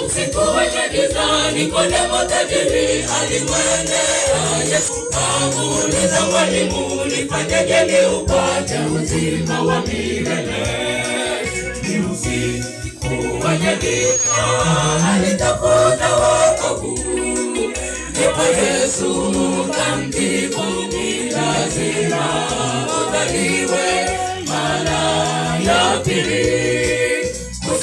Tusikuwe gizani kwenda matajiri alimwendea Yesu kamuuliza, Mwalimu, nifanyeje upate uzima wa milele? Usikuwanyagika, alitafuta wokovu, ndipo Yesu kamjibu, ni lazima uzaliwe mara ya pili.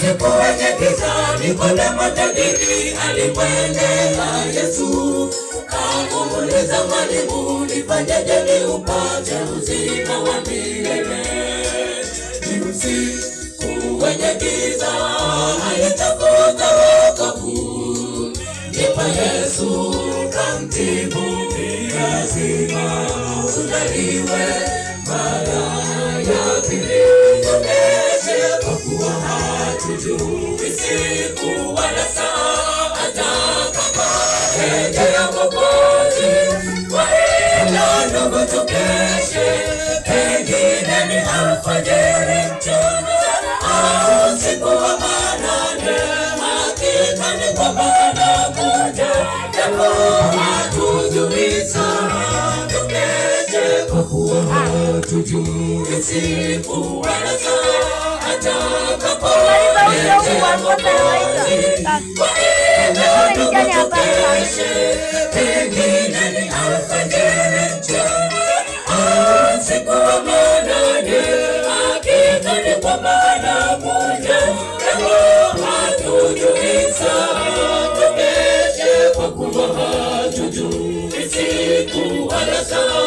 Usiku wenye giza, Nikodemo tajiri alimwendea Yesu akamuuliza, Mwalimu, nifanyeje niupate uzima wa milele? Ni usiku wenye giza alitafuta tukeshe, pengine ni alfajiri mchana au ah, usiku wa manane. Hakika ni kwamba anakuja, japo hatujui sana. Tukeshe kwa kuwa hatujui siku wala saa atakapokuja Kwa hivyo tukeshe, pengine kutuliza tukeje, kwa kuwa hatujui siku wala saa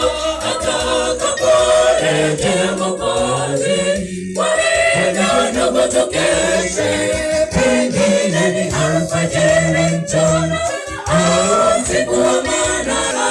atakaporejea mavazi. Kwarenda na matokeshe, pengine ni alfajiri, mchana au usiku wa manara,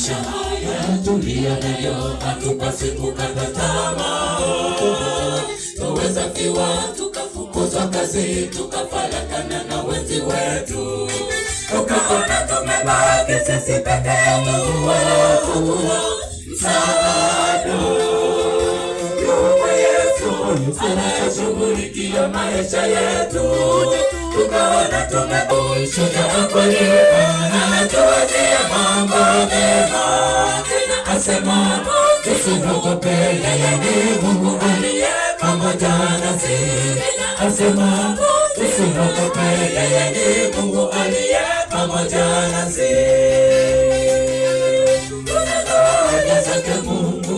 maisha haya tuliyo nayo, hatupasi kukata tamaa. Twaweza fiwa, tukafukuzwa kazi, tukafarakana na wenzi wetu, tukaona tumebaki sisi peke yetu. Msaada yupo Yesu anayeshughulikia maisha yetu tukaona tumeboi shujaa kwa neema, atuwajie mambo mema, tena asema tusiogope, yeye ni Mungu aliye pamoja nasi, tena asema tusiogope, yeye ni Mungu aliye pamoja nasi. Tunazoenda zake Mungu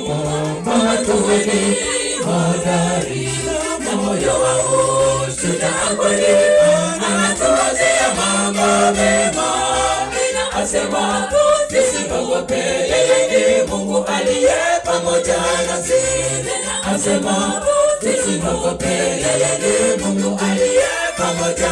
mwema, tuwe ni hodari na moyo wa ushujaa kweli mema asema tusiogope, yeye ni Mungu aliye pamoja nasi. Asema tusiogope, yeye ni Mungu aliye pamoja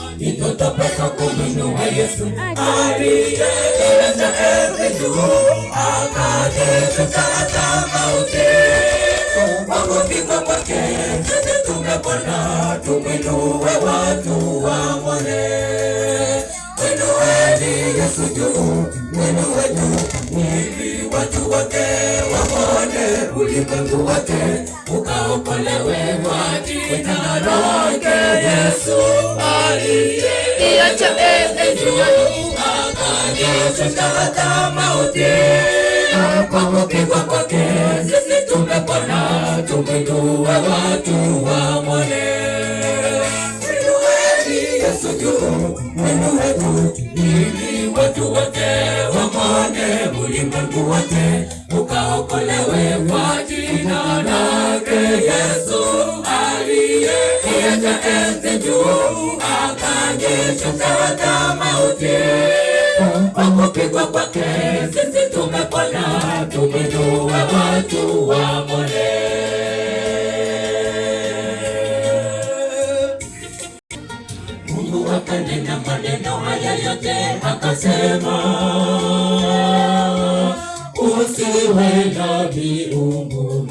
itotopeka kumwinua Yesu aliyeleta enzi juu, akatetuta mauti. Kwa kufika kwake sisi tumepona, tumwinue watu wamwone. Mwinueni Yesu juu, mwinuwe juu, ili watu wake wamwone ulimwengu wake waokolewe kwa jina lake Yesu aliyeacha juu akajichunga mauti. Kwa kupigwa kwake sisi tumepona, tumwinue watu wamwone. Inueni Yesu juu, inue ili watu wote wamwone, ulimwengu wote Yesu aliyeiacha enzi juu, akajishusha hata mauti. Kwa kupigwa kwake sisi tumepona, tumejua watu waamone. Mungu akanena maneno haya yote, akasema usiwe na miungu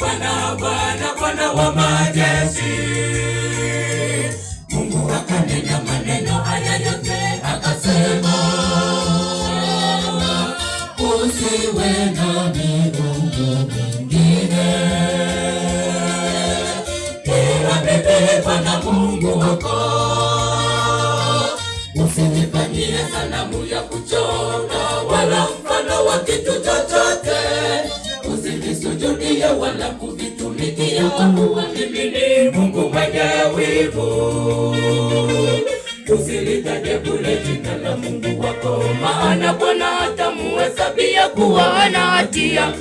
Bwana, Bwana wa majeshi. Mungu akanena maneno haya yote akasema, usiwe na miungu mingine ila mimi Bwana Mungu wako, usinifanyie sanamu ya kuchonga wala mfano wa kitu chochote, usinisujudie wala kuvi kupitia kwa mimi ni Mungu mwenye wivu. Usilitaje bure jina la Mungu wako, maana Bwana hatamuhesabia kuwa ana hatia.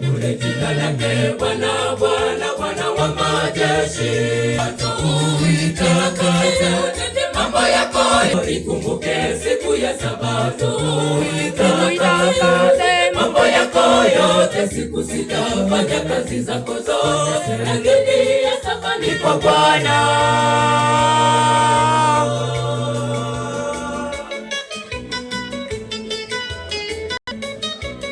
Bure jina lake Bwana, Bwana, Bwana wa majeshi, atautakase mambo yako, ikumbuke siku ya Sabato uitakase yote siku fanya kazi zako zote, lakini Yehova ni kwa Bwana.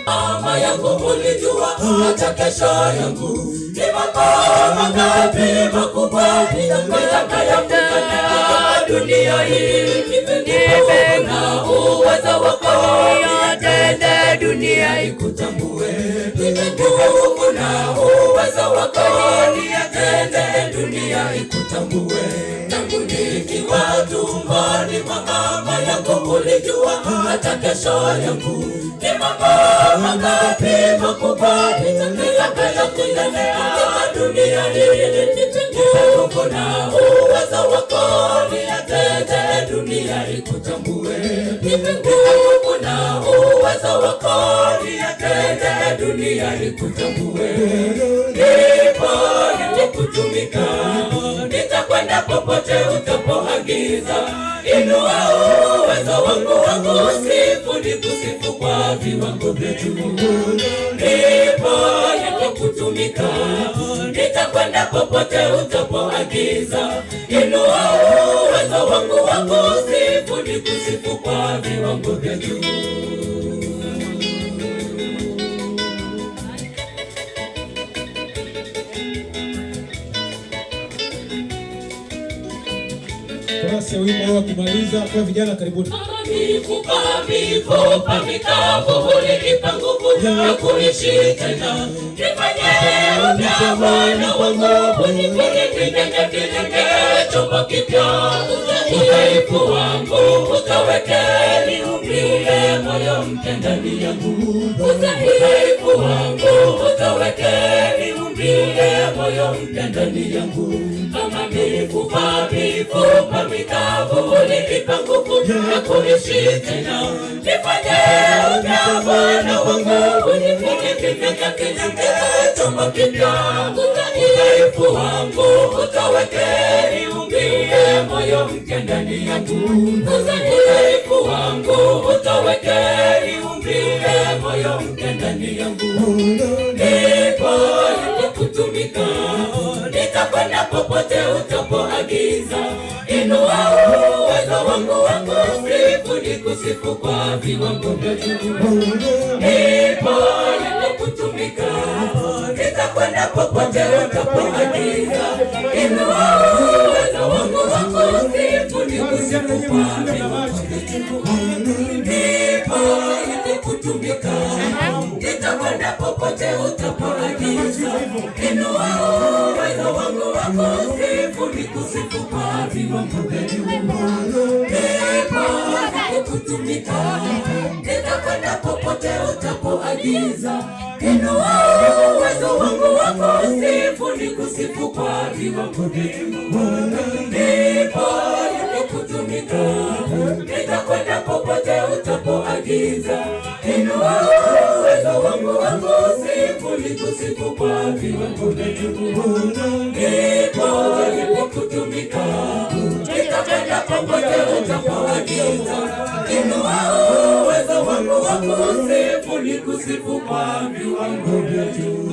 Mama yangu ulijua hata kesho yangu ni mapana ngapi makubwa nitakayofanya dunia hii, nimekuona uweza dunia ikutambue, nguvu na uwezo wako niyatende dunia ikutambue. Tangu nikiwa tumboni mwa mama yako ulijua hata kesho yangu ni mambo mangapi makubwa nitakayokuyaendea dunia hii, nguvu na uwezo wako niyatende dunia ikutambue Wokovu yakenda dunia ikutambue. Ndipo nitakutumika, nitakwenda popote utapoagiza. Inua uwezo wangu wa kusifu, nikusifu kwa viwango vya juu. Ndipo nitakutumika, nitakwenda popote utapoagiza. Inua uwezo wangu wa kusifu, kwa viwango vya Klasi ya wimbo wa kumaliza kwa vijana, karibuni. Mifupa mifupa mikavu ulinipa nguvu ya kuishi tena, nifanyie upya Bwana wangu, unifanye kijana kijenge chombo kipya, udhaifu wangu ukaweke niumbile moyo mpya ndani yangu, udhaifu wangu ukaweke niumbile moyo mpya ndani yangu Nilikufa mifupa mikavu, ulinipa nguvu ya kuishi tena. Nifanye upya Bwana wangu, unifunike miaka kile chombo kipya. Udhaifu wangu utoweke, niumbie moyo mpya ndani yangu. Udhaifu wangu utoweke, niumbie moyo mpya ndani yangu. popote utakapoagiza. Inua uwezo wangu wa kusifu, nikusifu kwa viwango vya juu. Nipo ninakutumika, nitakwenda popote utakapoagiza. Inua uwezo wangu wa kusifu, nikusifu kwa viwango vya juu. Nipo kutumika Kusifu ni kusifu kwa viwa mbubeli wa moyo Nipo na kukutumika Nitakwenda popote utapoagiza Inua uwezo wangu wa kusifu ni kusifu kwa viwa mbubeli wa moyo Nipo na kukutumika Nitakwenda popote utapoagiza Inua uwezo wangu wa kulikusifu kwa viwango na juhudi, ndipo walipokutumika nitakwenda popote utakapoagiza. Inua uwezo wako wa kusifu, kulikusifu kwa viwango vya juu